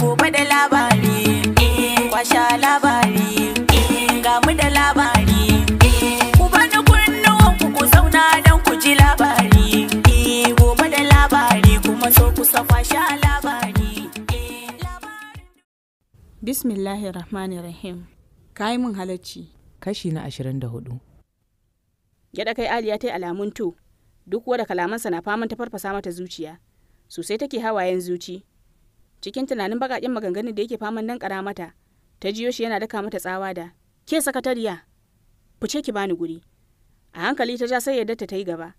gobe da labari eh, kwasha labari eh, ga mu da labari eh, ku bani kunnuwan ku ku zauna don ku ji labari gobe da labari kuma so ku kwasha labari bismillahirrahmanirrahim kayi min halacci kashi na 24 gyada kai aliya ta yi alamun to duk wanda kalamansa na faman ta farfasa mata zuciya sosai take hawayen zuci cikin tunanin bakakin maganganun da yake faman nan kara mata ta jiyo shi yana daka mata tsawa da ke sakatariya fice ki bani guri a hankali ta ja sai yadda ta yi gaba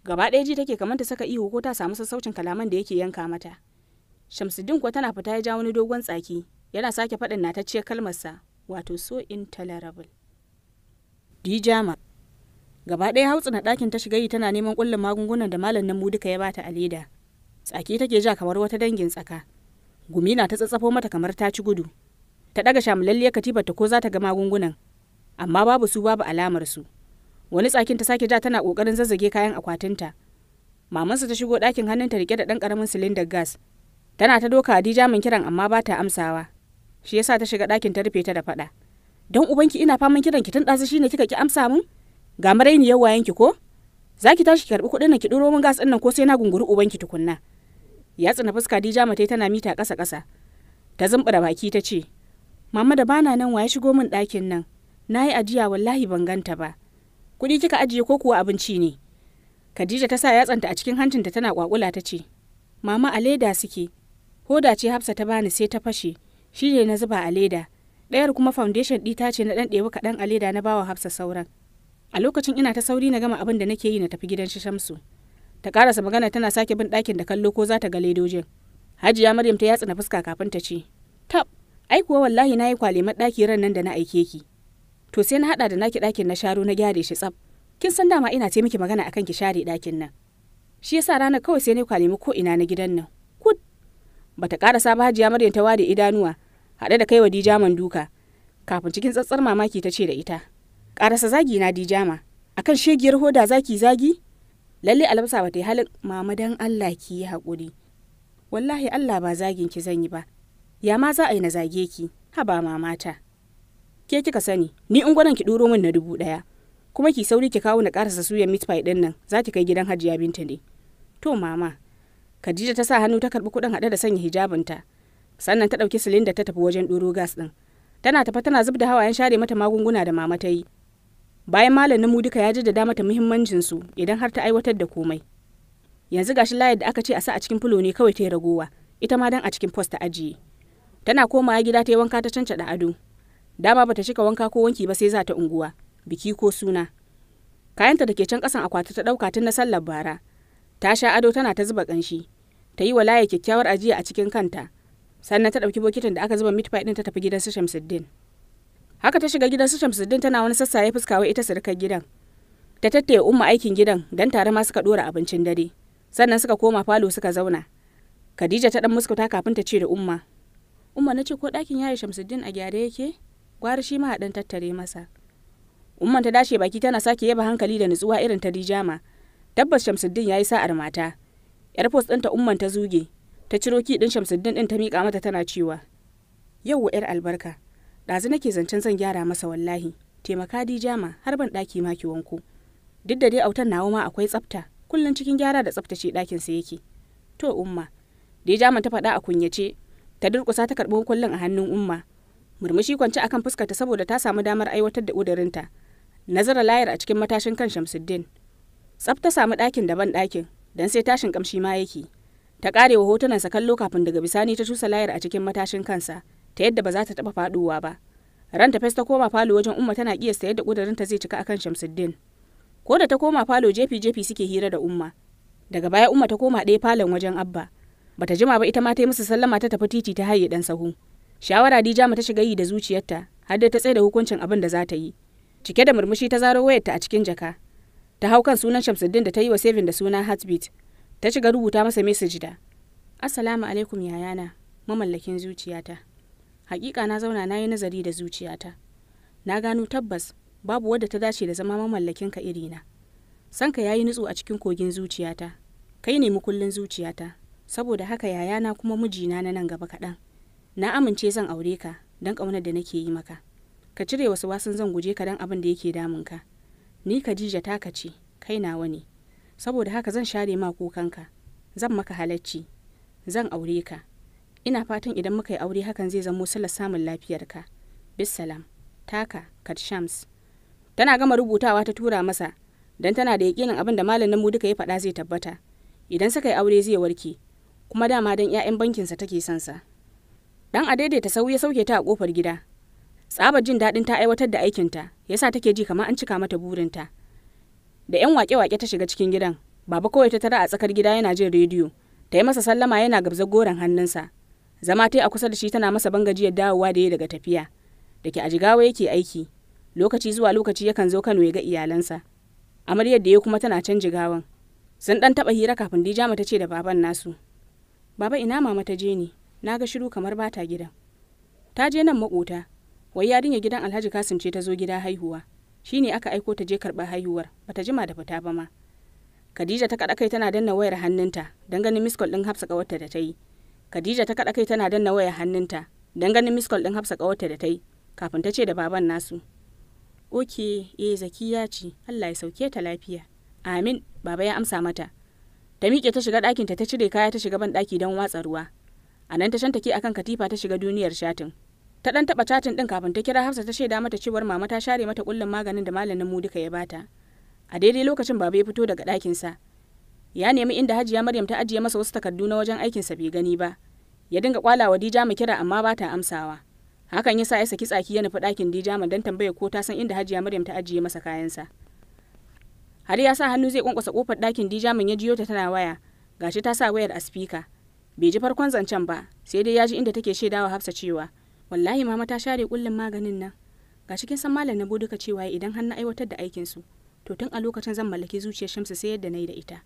gaba ɗaya ji take kamar ta saka ihu ko ta samu sassaucin kalaman da yake yanka mata shamsuddin kuwa tana fita ya ja wani dogon tsaki yana sake faɗin ce kalmarsa wato so intolerable dijama gaba ɗaya na ɗakin ta shiga yi tana neman ƙullin magungunan da malam nan mu duka ya bata a leda tsaki take ja kamar wata dangin tsaka gumi na ta tsatsafo mata kamar ta ci gudu ta daga shamulalliyar katibar ta ko za ta ga magungunan amma babu su babu alamar su wani tsakin ta sake ja tana kokarin zazzage kayan akwatinta mamansa ta shigo ɗakin hannunta rike da ɗan ƙaramin silindar gas tana ta doka Hadija min kiran amma ba ta amsawa shi yasa ta shiga dakin ta rufe ta da faɗa don ubanki ina faman kiran ki tun ɗazu ne kika ki amsa min ga marainiyar wayanki ko za ki tashi ki karɓi kuɗin ki ɗuro min gas ɗin nan ko sai na gunguri ubanki tukunna ya tsina fuska dija mata tana mita ƙasa ƙasa ta zumbura baki ta ce mama da bana nan wa ya shigo min ɗakin nan na yi ajiya wallahi ban ganta ba kuɗi kika ajiye ko kuwa abinci ne Khadija ta sa yatsanta a cikin hancinta tana kwakula ta ce mama a leda suke hoda ce hafsa ta bani sai ta fashe shi ne na zuba a leda ɗayar kuma foundation ta ce na ɗan ɗebi kaɗan a leda na bawa hafsa sauran a lokacin ina ta sauri na gama abin da nake yi na tafi gidan shi shamsu ta karasa magana tana sake bin ɗakin da kallo ko za ta ga ledojin hajiya maryam ta yatsa na fuska kafin ta ce tab ai kuwa wallahi na yi kwaliman ɗaki ran nan da na aike ki to sai na haɗa da naki ɗakin na sharo na gyare shi tsaf kin san dama ina ce miki magana akan ki share ɗakin nan shi yasa ranar kawai sai na kwalimi ko ina na gidan nan kud bata karasa ba hajiya maryam ta ware idanuwa haɗe da kai wa dijaman duka kafin cikin tsatsar mamaki ta ce da ita karasa zagi na dijama akan shegiyar hoda zaki zagi lalle alamsa ba ta yi halin mama dan Allah ki yi haƙuri wallahi Allah ba zagin ki zan yi ba ya ma za a yi na zage ki haba mamata ke kika sani ni in gwanan ki ɗoro min na dubu ɗaya kuma ki sauri ki kawo na karasa suyan meat pie ɗin nan za ki kai gidan hajiya binta ne to mama kadija ta sa hannu ta karɓi kuɗin haɗe da sanya ta sannan ta ɗauki silinda ta tafi wajen ɗoro gas ɗin tana tafa tana zub da hawayen share mata magunguna da mama ta yi bayan malamin mu duka ya jaddada mata muhimmancin su idan har ta aiwatar da komai yanzu gashi layar da aka ce a sa a cikin fulo ne kawai ta yi ragowa ita ma dan a cikin post ta ajiye tana komawa gida ta yi wanka ta cancada ado dama bata cika wanka ko wanki ba sai za ta unguwa biki ko suna kayanta da ke can kasan akwati ta dauka tun na sallar bara ta sha ado tana ta zuba kanshi ta yi wa laye kyakkyawar ajiya a cikin kanta sannan ta ɗauki bokitin da aka zuba mitfa din ɗin ta tafi gidan su Shamsuddin. haka ta shiga gidan su shamsuddin tana wani ya fuska wai ita surukar gidan ta tattaya umma aikin gidan dan tare ma suka dora abincin dare sannan suka koma falo suka zauna khadija ta dan muskuta kafin ta ce da umma umma na ce ko ɗakin yayi shamsuddin a gyare yake gwara shi ma dan tattare masa umman ta dashe baki tana sake yaba hankali da nutsuwa irin ta dijama tabbas shamsuddin yayi sa'ar mata yar post ɗinta umman ta zuge ta ciro ki ɗin shamsuddin ɗin ta miƙa mata tana cewa yau yar albarka ɗazu nake zancen zan gyara masa wallahi taimaka jama har ban ɗaki ma ki wanko duk da dai autan nawa ma akwai tsafta kullum cikin gyara da tsaftace ɗakin sa yake to umma dijama ta faɗa a kunyace ta durƙusa ta karɓi kullum a hannun umma murmushi kwance akan fuskarta saboda ta samu damar aiwatar da udurinta nazara layar a cikin matashin kan shamsuddin tsafta samu ɗakin daban ɗakin dan sai tashin kamshi ma yake ta karewa hotunansa kallo kafin daga bisani ta cusa layar a cikin matashin kansa ta yadda ba za ta taɓa faɗuwa ba Ranta ta ta koma falo wajen umma tana kiyasta yadda ta zai cika akan shamsuddin ko da ta koma falo jefi jefi suke hira da umma daga baya umma ta koma ɗaya falon wajen abba bata jima ba ita ma ta yi musu sallama ta tafi titi ta haye dan sahu shawara dija ta shiga yi da zuciyarta har da ta tsaye da hukuncin abin da za ta yi cike da murmushi ta zaro wayarta a cikin jaka ta hau kan sunan shamsuddin da ta yi wa sevin da suna heartbeat ta shiga rubuta masa message da assalamu alaikum yayana mamallakin zuciyata hakika na zauna na yi nazari da zuciyata na gano tabbas babu wadda ta dace da zama mamallakin ka iri irina sanka yayi nutsu a cikin kogin zuciyata kai ne mukullin zuciyata saboda haka yayana kuma mijina na nan gaba kaɗan na amince zan aure ka don ƙaunar da nake yi maka ka cire wasu wasan zan guje ka don abin da yake damun ka ni Khadija ka ce kai nawa ne saboda haka zan share ma kukanka zan maka halacci zan aure ka ina fatan idan muka yi aure hakan zai zamo sallar samun lafiyarka bisalam taka shams tana gama rubutawa ta tura masa don tana da yakinin abin da malamin mu duka ya faɗa zai tabbata idan suka yi aure zai warke kuma dama don 'ya'yan bankinsa take son sa dan a daidaita sau ya sauke ta a kofar gida tsabar jin daɗin ta aiwatar da aikinta yasa take ji kama an cika mata burinta da 'yan wake-wake ta shiga cikin gidan baba kawai ta tara a tsakar gida yana jin rediyo ta yi masa sallama yana gabza goron hannunsa zama ta a kusa da shi tana masa bangajiyar dawowa da ya daga tafiya da ke a jigawa yake aiki lokaci zuwa lokaci yakan zo kano ya ga iyalansa amaryar da ya kuma tana can jigawan sun dan taba hira kafin dijama ta ce da baban nasu baba ina mama ta je ni. na ga shiru kamar bata gidan ta je nan makota wai yarinya gidan alhaji kasim ce ta zo gida haihuwa Shi ne aka aiko ta je karɓar haihuwar bata jima da fita ba ma Khadija ta kaɗa kai tana danna wayar hannunta don ganin miskol ɗin hafsa ƙawarta da ta yi. Khadija ta kaɗa kai tana danna wayar hannunta don ganin miskol ɗin hafsa ƙawarta da ta yi kafin ta ce da baban nasu. Oke, eh zakiya ce, Allah ya sauke ta lafiya. Amin, baba ya amsa mata. Ta miƙe ta shiga ɗakinta ta cire kaya ta shiga ban ɗaki don watsa ruwa. A nan ta ke akan katifa ta shiga duniyar shatin. Ta ɗan taɓa catin ɗin kafin ta kira Hafsa ta shaida mata cewar mama ta share mata kullum maganin da malamin mu duka ya bata. A daidai lokacin baba ya fito daga ɗakinsa. sa. ya nemi inda hajiya maryam ta ajiye masa wasu takardu na wajen aikinsa bai gani ba ya dinga kwalawa Dija mu kira amma ba ta amsawa hakan ya sa ya saki tsaki ya nufi ɗakin Dija mu don tambaya ko ta san inda hajiya maryam ta ajiye masa kayan sa har ya sa hannu zai kwankwasa kofar ɗakin Dija mu ya jiyo ta tana waya gashi ta sa wayar a speaker. bai ji farkon zancen ba sai dai ya ji inda take shaidawa hafsa cewa wallahi mama ta share kullun maganin nan ga cikin san malam na duka cewa idan har na aiwatar da aikin su to tun a lokacin zan mallaki zuciyar shamsu sai yadda na yi da ita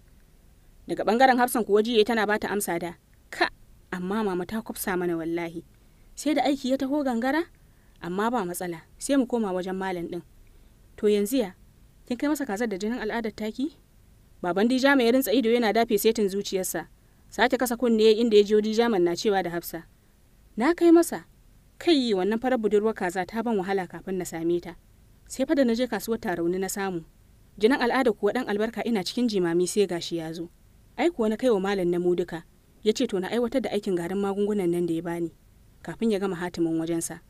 daga bangaren hafsan kuwa jiya tana bata amsa da ka amma mama ta kwafsa mana wallahi sai da aiki ya taho gangara amma ba matsala sai mu koma wajen malam din to yanzu ya kin kai masa kazar da jinin al'adar taki baban dija ya rintsa ido yana dafe setin zuciyarsa sake kasa kunne inda ya jiyo dijaman na cewa da hafsa na kai masa kai yi wannan farar budurwar kaza ta ban wahala kafin na same ta sai fa da na je kasuwar tarauni na samu jinin al'ada kuwa dan albarka ina cikin jimami sai gashi ya zo ai kuwa na kai wa malam namu duka ya ce to na aiwatar da aikin garin magungunan nan da ya bani kafin ya gama hatimin wajensa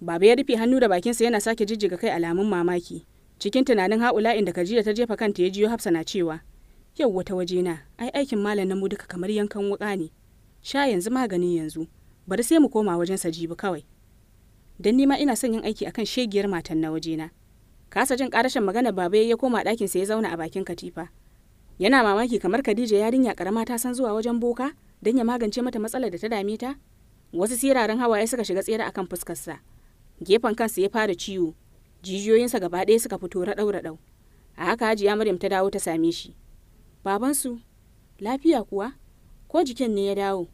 baba ya rufe hannu da bakinsa yana sake jijjiga kai alamun mamaki cikin tunanin haula da kajiya ta jefa kanta ya jiyo hafsa na cewa yau wata waje na ai aikin malam namu duka kamar yankan wuka ne sha yanzu maganin yanzu bari sai mu koma wajen sa jibi kawai dan nima ina son yin aiki akan shegiyar matan na waje na. kasa jin karashin magana baba ya koma ɗakinsa ya zauna a bakin katifa yana mamaki kamar Khadija yarinya karama ta san zuwa wajen boka don ya magance mata matsalar da ta dame ta wasu siraran hawaye suka shiga tsere akan fuskarsa gefen kansa ya fara ciwo jijiyoyinsa gaba ɗaya suka fito raɗau raɗau a haka hajiya maryam ta dawo ta same shi babansu lafiya kuwa ko jikin ne ya dawo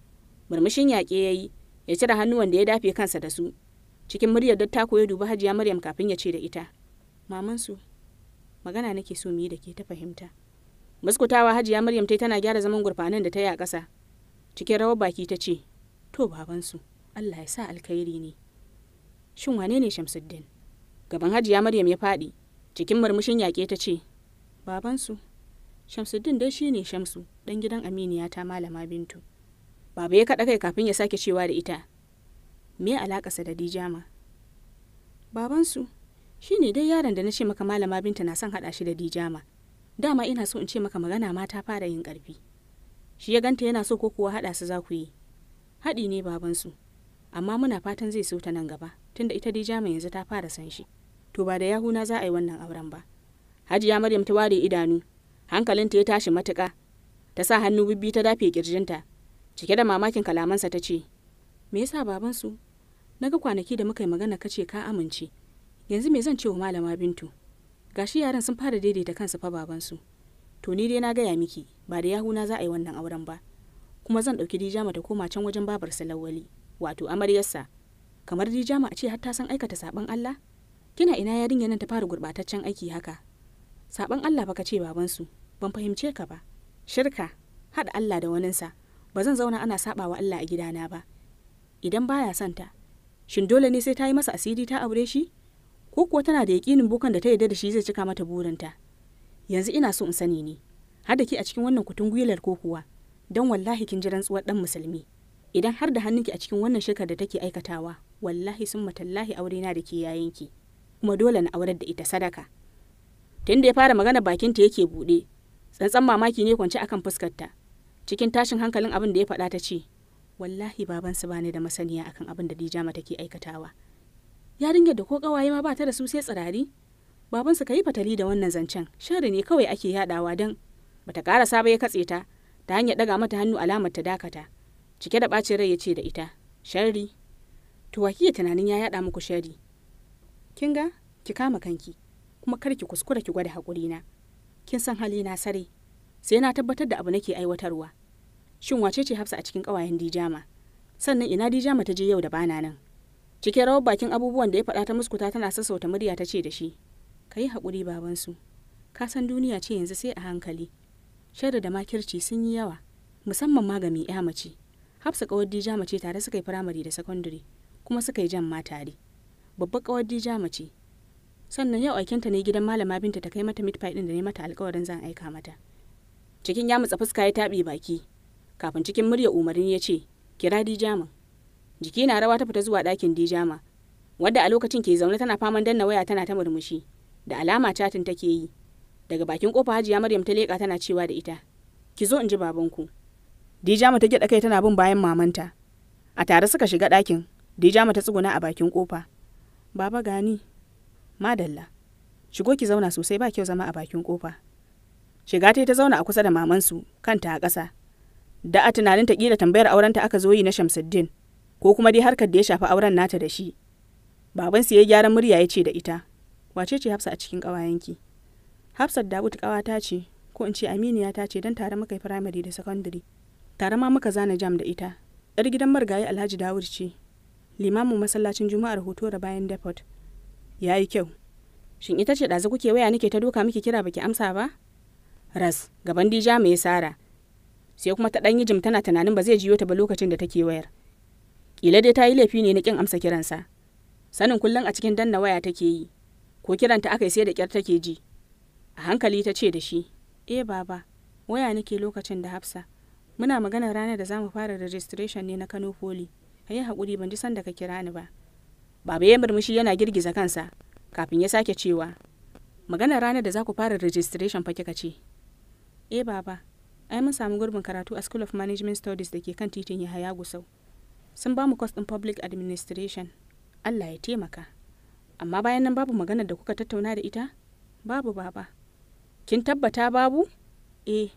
murmushin yaƙe ya yi ya cire hannuwan da ya dafe kansa da su cikin muryar dattako ya dubi hajiya maryam kafin ya ce da ita mamansu magana nake so mu yi da ke ta fahimta muskutawa hajiya maryam tai tana gyara zaman gurfanan da ta yi a ƙasa cikin rawar baki ta ce to babansu allah ya sa alkhairi ne shin wane ne shamsuddin gaban hajiya maryam ya faɗi cikin murmushin yaƙe ta ce babansu shamsuddin dai shine shamsu ɗan gidan aminiya ta malama bintu baba ya kaɗa kai kafin ya sake cewa da ita me alaƙasa da dijama babansu shi ne dai yaron da na ce maka malama binta na son haɗa shi da dijama dama ina so in ce maka magana ma ta fara yin ƙarfi shi ya ganta yana so ko kuwa haɗa su za ku yi haɗi ne babansu amma muna fatan zai so ta nan gaba tunda ita dai jama yanzu ta fara san shi to ba da yahuna za a yi wannan auren ba hajiya maryam ta ware idanu hankalinta ya tashi matuka ta sa hannu bibbi ta dafe kirjinta cike da mamakin kalamansa ta ce me yasa babansu na ga kwanaki da muka yi magana ka ce ka amince yanzu me zan ce wa malama bintu gashi yaran sun fara daidaita kansu fa babansu to ni dai na gaya miki ba da yahuna za a yi wannan auren ba kuma zan ɗauki dijama ta koma can wajen babarsa salawali wato amaryarsa kamar dijama a ce har ta san aikata saɓan allah kina ina yarinya nan ta fara gurɓataccen aiki haka saɓan allah baka ka ce babansu ban fahimce ka ba shirka haɗa allah da waninsa ba zan zauna ana saɓa wa allah a gidana ba idan baya santa shin dole ne sai ta yi masa asiri ta aure shi ko kuwa tana da yakinin bokan da ta yarda da shi zai cika mata burinta yanzu ina so in sani ne har da ke a cikin wannan kutun gwilar ko kuwa don wallahi kin ji rantsuwar dan musulmi idan har da hannunki a cikin wannan shekar da take aikatawa wallahi sun matallahi aure na da ke yayinki kuma dole na aurar da ita sadaka tun da ya fara magana bakinta yake buɗe tsantsan mamaki ne kwance akan fuskarta cikin tashin hankalin abin da ya faɗa ta ce wallahi babansu bani da masaniya akan abin da dijama take aikatawa yarinyar da ko kawaye ma ba ta da su sai tsirari babansu ka yi fatali da wannan zancen shari ne kawai ake yadawa don bata karasa ba ya katse ta ta hanyar daga mata hannu alamar ta dakata cike da bacin rai ya ce da ita shari to wa tunanin ya yada muku shari. kin ga ki kama kanki kuma kar ki kuskura ki gwada hakuri na kin san hali na sare sai na tabbatar da abu nake aiwatarwa shin wace ce hafsa a cikin kawayen dijama sannan ina dijama ta je yau da bana nan cike rawar bakin abubuwan da ya faɗa ta muskuta tana sassauta murya ta ce da shi ka yi haƙuri babansu ka san duniya ce yanzu sai a hankali shaida da makirci sun yi yawa musamman ma ga mai mace hafsa kawar dija mace tare suka yi firamare da sakandare kuma suka yi jan ma tare babbar ƙawar dija mace sannan yau aikinta ne gidan malama binta ta kai mata mitfai din da ne mata alƙawarin zan aika mata cikin ya mutsa fuska ya taɓe baki kafin cikin murya umarni ya ce kira mun jiki na rawa ta fita zuwa ɗakin dijama wadda a lokacin ke zaune tana faman danna waya tana ta murmushi da alama catin take yi daga bakin kofa hajiya maryam ta leka tana cewa da ita ki zo in ji babanku dijama ta gyaɗa kai tana bin bayan mamanta a tare suka shiga ɗakin dijama ta tsuguna a bakin kofa baba gani madalla shigo ki zauna sosai ba kyau zama a bakin kofa shiga ta zauna a kusa da mamansu kanta a ƙasa da a tunanin ta ƙila tambayar aurenta aka zo yi na shamsuddin ko kuma dai harkar da ya shafi auren nata da shi babansu ya yi gyaran murya ya ce da ita wace ce hafsa a cikin ƙawayenki hafsat dawud ƙawata ce ko in ce aminiya ta ce don tare muka yi firamare da sakandare tare ma muka zana jam da ita yar gidan margayi alhaji dawud ce limamin masallacin juma'ar hoto da bayan depot ya yi kyau shin ita ce ɗazu kuke waya nake ta doka miki kira baki amsa ba ras gaban dija mai sara sai kuma ta ɗan yi jim tana tunanin ba zai jiyo ta ba lokacin da take wayar Kila dai ta yi laifi ne na kin amsa kiransa. Sanin kullum a cikin danna waya take yi. Ko kiranta aka yi sai da kyar take ji. A hankali ta ce da shi, "Eh baba, waya nake lokacin da Hafsa. Muna magana ranar da za mu fara registration ne na Kano Poli. Ka hakuri ban ji san da ka kira ni ba." Baba ya murmushi yana girgiza kansa kafin ya sake cewa, "Magana ranar da za ku fara registration fa kika ce." "Eh baba, ai mun samu gurbin karatu a School of Management Studies da ke kan titin Yahaya Gusau." sun ba mu ɗin public administration allah ya taimaka amma bayan nan babu maganar da kuka tattauna da ita babu baba kin tabbata babu eh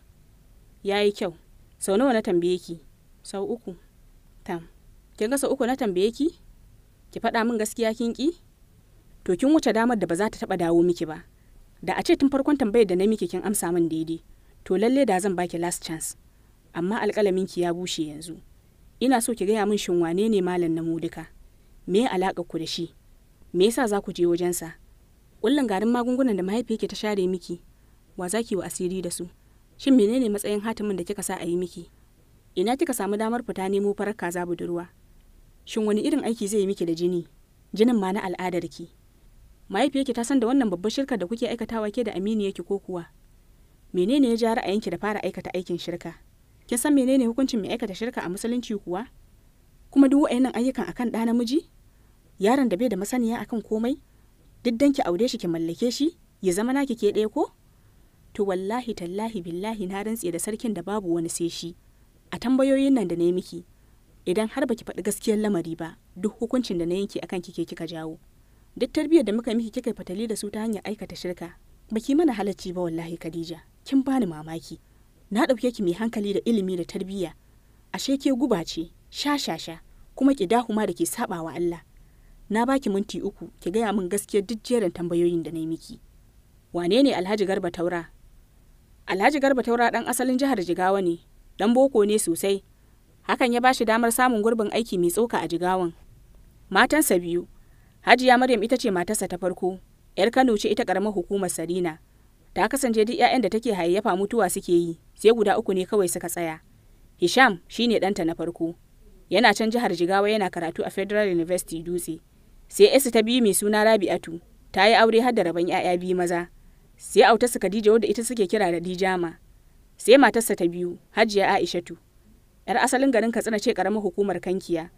ya yi kyau sau nawa na tambaye ki sau uku tam kin ga sau uku na tambaye ki ki faɗa min gaskiya kin ki to kin wuce damar da ba za ta taɓa dawo miki ba da a ce tun farkon tambayar da na miki kin amsa min daidai to lalle da zan baki last chance amma alƙalamin ki ya bushe yanzu ina so ki gaya min shin wane ne malam na mudika me alaka ku da shi me yasa za ku je wajensa kullun garin magungunan da mahaifi yake ta share miki wa za ki wa asiri da su shin menene matsayin hatimin da kika sa a yi miki ina kika samu damar fita nemo farar kaza budurwa shin wani irin aiki zai yi miki da jini jinin ma na al'adar ki mahaifiyarki ta san da wannan babbar shirka da kuke aikatawa ke da amini ko kuwa menene ya ja ra'ayinki da fara aikata aikin shirka kin san menene hukuncin mai aikata shirka a musulunci kuwa kuma duk wa'annan ayyukan akan ɗa namiji yaron da bai da masaniya akan komai duk dan ki aure shi ki mallake shi ya zama naki ke ɗaya ko to wallahi tallahi billahi na rantse da sarkin da babu wani sai shi a tambayoyin nan da na yi miki idan har baki faɗi gaskiyar lamari ba duk hukuncin da na yanke akan kike kika jawo duk tarbiyyar da muka miki kika fatali da su ta hanyar aikata shirka baki mana halacci ba wallahi Khadija kin bani mamaki na ɗauke ki mai hankali da ilimi da tarbiyya ashe ke guba ce sha sha sha kuma ki dahuma da ke saba wa Allah na baki minti uku ki gaya min gaskiyar duk jerin tambayoyin da na yi miki wane ne Alhaji Garba Taura Alhaji Garba Taura dan asalin jihar Jigawa ne dan boko ne sosai hakan ya ba shi damar samun gurbin aiki mai tsoka a Jigawan matansa biyu Hajiya Maryam ita ce matarsa ta farko yar Kano ce ita karamar hukumar Sarina ta kasance duk 'ya'yan da take hayayyafa mutuwa suke yi sai guda uku ne kawai suka tsaya hisham shine ɗanta na farko yana can jihar jigawa yana karatu a federal university dutse sai esu ta biyu mai suna rabi'atu ta yi aure har da rabon 'ya'ya biyu maza sai autarsa khadija wadda ita suke kira da dijama sai matarsa ta biyu hajiya aishatu yar asalin garin katsina ce karamar hukumar kankiya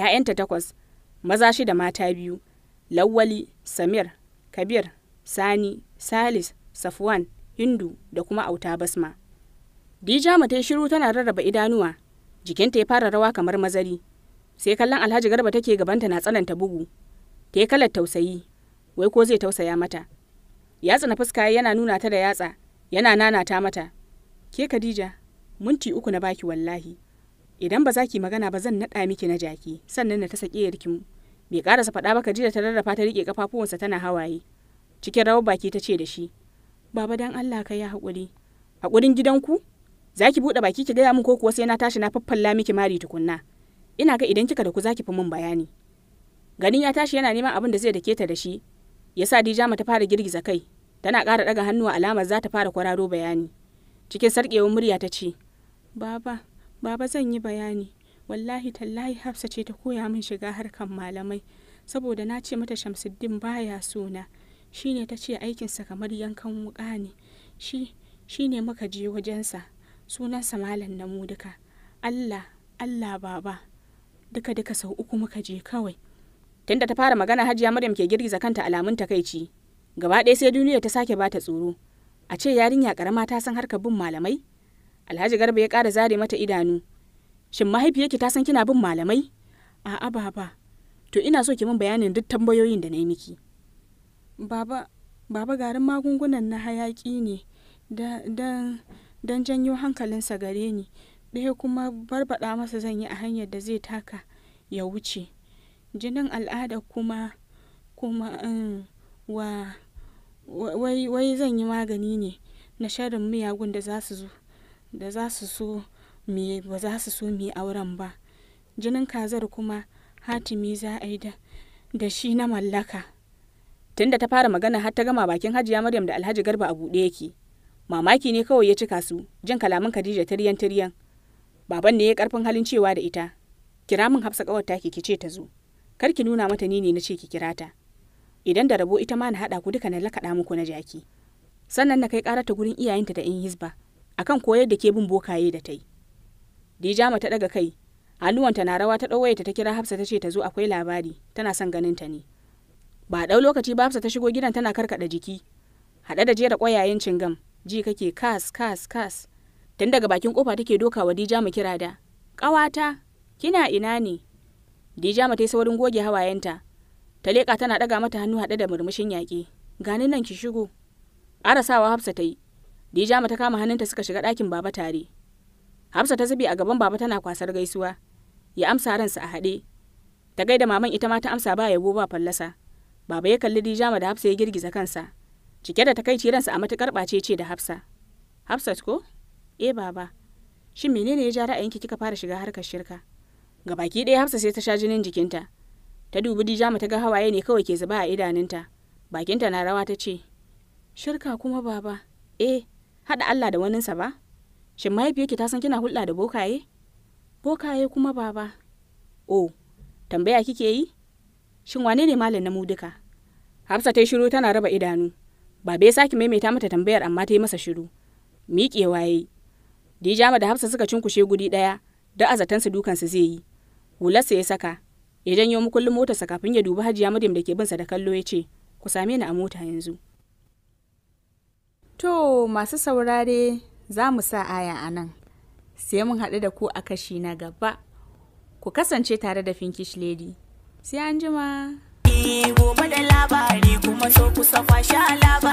'ya'yanta takwas maza shida mata biyu lawwali samir kabir sani salis Safwan, Hindu da kuma Auta Basma. Dija yi shiru tana rarraba idanuwa, jikinta ya fara rawa kamar mazari. Sai kallon Alhaji Garba take gabanta na tsananta bugu. Ta yi kalar tausayi, wai ko zai tausaya mata. Yatsa na fuska yana nuna ta da yatsa, yana nanata mata. Ke Khadija, minti uku na baki wallahi. Idan ba za ki magana ba zan naɗa miki na jaki, sannan na ta sake yarkin. Bai ƙarasa faɗa ba Khadija ta rarrafa ta riƙe ƙafafuwansa tana hawaye. Cikin rawar baki ta ce da shi, baba dan Allah ka yi haƙuri haƙurin gidanku za ki buɗe baki ki gaya min ko kuwa sai na tashi na faffalla miki mari tukunna ina ga idan kika da ku za ki fi min bayani ganin ya tashi yana neman abin da zai dake ta da shi Ya sa Dijama ta fara girgiza kai tana ƙara ɗaga hannu a alamar za ta fara kwararo bayani cikin sarƙewar murya ta ce baba baba zan yi bayani wallahi tallahi hafsa ce ta koya min shiga harkan malamai saboda na ce mata shamsuddin baya sona shi ne ta ce aikinsa kamar yankan wuka ne shi ne muka je wajensa sunansa malam na mu duka allah allah baba duka duka sau uku muka je kawai tunda ta fara magana hajiya maryam ke girgiza kanta alamun takaici gaba ɗaya sai duniya ta sake bata tsoro a ce yarinya karama ta san harkar bin malamai alhaji garba ya ƙara zare mata idanu shin mahaifiyarki ta san kina bin malamai a'a baba to ina so ki min bayanin duk tambayoyin da na yi miki baba garin magungunan na hayaki ne don janyo hankalinsa gare ni ɗaya kuma barbaɗa masa zan yi a hanyar da zai taka ya wuce jinin al'ada kuma kuma um, wai zan yi magani ne na sharin miyagun da za su zo da za su so me ba za su so me auren ba jinin kazar kuma hatimi za a yi da shi na mallaka tun da ta fara magana har ta gama bakin Hajiya Maryam da Alhaji Garba a buɗe yake. Mamaki ne kawai ya cika su, jin kalaman Khadija tiryan tiryan. Baban ne ya karfin halin cewa da ita. Kira min Hafsa kawar take ki ce ta zo. Kar ki nuna mata ni ne na ce ki kira ta. Idan da rabo ita ma na haɗa ku duka na lakaɗa muku na jaki. Sannan na kai ta gurin iyayenta da in hisba akan koyar da ke bin bokaye da ta yi. Dijama ta ɗaga kai, hannuwanta na rawa ta ɗauwaye ta kira Hafsa ta ce ta zo akwai labari, tana son ganin ta ne. ba ɗau lokaci ba ta shigo gidan tana karkaɗa jiki haɗe da jera ƙwayayen cingam ji kake kas kas kas tun daga bakin kofa take doka wa dija mu kira da ƙawata kina ina ne dijama ta yi saurin goge hawayenta ta leƙa tana ɗaga mata hannu haɗe da murmushin yaƙi ganin nan ki shigo sawa hafsa ta yi dijama ta kama hannunta suka shiga ɗakin baba tare hafsa ta zubi a gaban baba tana kwasar gaisuwa ya amsa ransa a haɗe ta gaida maman ita ma ta amsa ba yabo ba fallasa Baba ya kalli Dijama da Hafsa ya girgiza kansa. Cike da takaici ransa a matukar ɓace ce da Hafsa. Hafsat ko? Eh baba. Shin menene ya ja ra'ayinki kika fara shiga harkar shirka? Ga baki ɗaya Hafsa sai ta sha jinin jikinta. Ta dubi Dijama ta ga hawaye ne kawai ke zuba a idanunta. Bakinta na rawa ta ce, Shirka kuma baba, eh, haɗa Allah da waninsa ba? Shin mahaifiyarki ta san kina hulɗa da bokaye? Bokaye kuma baba. Oh, tambaya kike yi? shin wane ne malam na mu duka hafsa ta yi shiru tana raba idanu ba bai sake maimaita mata tambayar amma ta yi masa shiru miƙewa yayi dijama da hafsa suka cinkushe guri ɗaya da azatansu dukansu zai yi hularsa ya saka ya janyo kullum motarsa kafin ya dubi hajiya madim da ke binsa da kallo ya ce ku same ni a mota yanzu to masu saurare za mu sa aya a nan sai mun haɗu da ku a kashi na gaba ku kasance tare da finkish lady sai an jima. gobe da labari kuma so kusa kwashe labari.